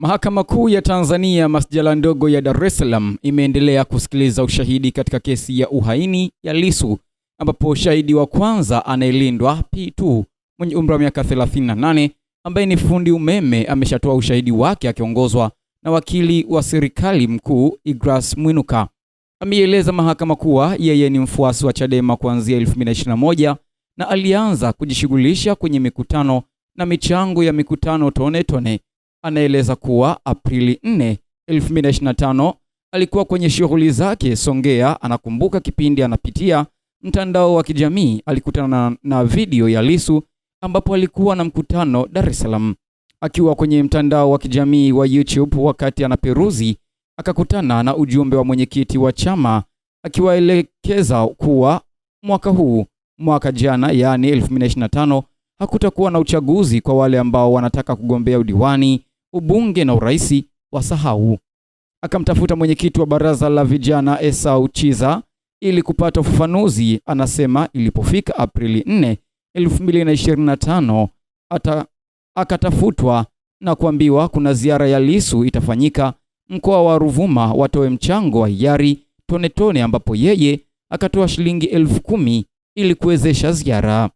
Mahakama Kuu ya Tanzania masjala ndogo ya Dar es Salaam imeendelea kusikiliza ushahidi katika kesi ya uhaini ya Lissu ambapo shahidi wa kwanza anayelindwa P2 mwenye umri wa miaka 38 ambaye ni fundi umeme ameshatoa ushahidi wake akiongozwa na wakili wa serikali mkuu Igras Mwinuka. Ameieleza mahakama kuwa yeye ni mfuasi wa Chadema kuanzia 2021 na alianza kujishughulisha kwenye mikutano na michango ya mikutano tone tone anaeleza kuwa Aprili 4, 2025 alikuwa kwenye shughuli zake Songea. Anakumbuka kipindi anapitia mtandao wa kijamii alikutana na video ya Lissu ambapo alikuwa na mkutano Dar es Salaam. Akiwa kwenye mtandao wa kijamii wa YouTube wakati anaperuzi, akakutana na ujumbe wa mwenyekiti wa chama akiwaelekeza kuwa mwaka huu, mwaka jana, yaani 2025 hakutakuwa na uchaguzi kwa wale ambao wanataka kugombea udiwani, ubunge na uraisi wasahau. Akamtafuta mwenyekiti wa baraza la vijana Esau Chiza ili kupata ufafanuzi. Anasema ilipofika Aprili 4, 2025 ata akatafutwa na kuambiwa kuna ziara ya lisu itafanyika mkoa wa Ruvuma, watoe mchango wa hiari tone tone, ambapo yeye akatoa shilingi elfu kumi ili kuwezesha ziara.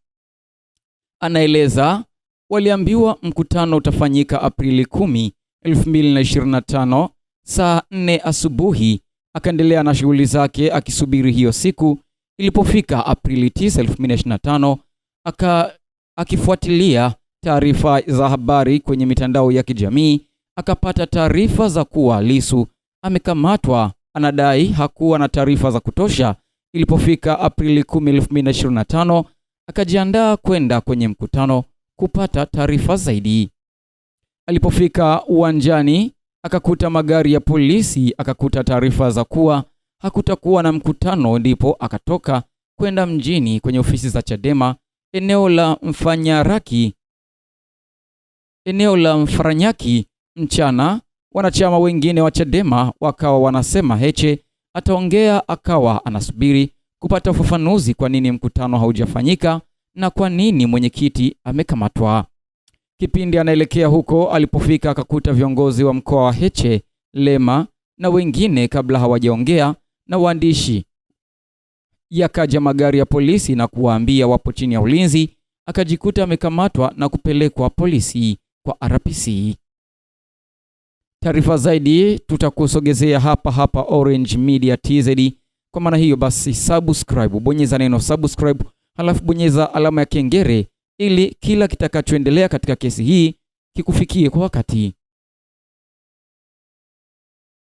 Anaeleza waliambiwa mkutano utafanyika Aprili 10, 2025 saa 4 asubuhi. Akaendelea na shughuli zake akisubiri hiyo siku. Ilipofika Aprili 9, 2025 aka akifuatilia taarifa za habari kwenye mitandao ya kijamii akapata taarifa za kuwa Lissu amekamatwa. Anadai hakuwa na taarifa za kutosha. Ilipofika Aprili 10, 2025 akajiandaa kwenda kwenye mkutano kupata taarifa zaidi. Alipofika uwanjani, akakuta magari ya polisi, akakuta taarifa za kuwa hakutakuwa na mkutano, ndipo akatoka kwenda mjini kwenye ofisi za Chadema eneo la Mfanyaraki, eneo la Mfaranyaki. Mchana wanachama wengine wa Chadema wakawa wanasema Heche ataongea, akawa anasubiri kupata ufafanuzi kwa nini mkutano haujafanyika na kwa nini mwenyekiti amekamatwa. Kipindi anaelekea huko, alipofika akakuta viongozi wa mkoa wa Heche, Lema na wengine kabla hawajaongea na waandishi. Yakaja magari ya polisi na kuwaambia wapo chini ya ulinzi, akajikuta amekamatwa na kupelekwa polisi kwa RPC. Taarifa zaidi tutakusogezea hapa hapa Orange Media TZ. Kwa maana hiyo basi, subscribe, bonyeza neno subscribe halafu bonyeza alama ya kengele ili kila kitakachoendelea katika kesi hii kikufikie kwa wakati.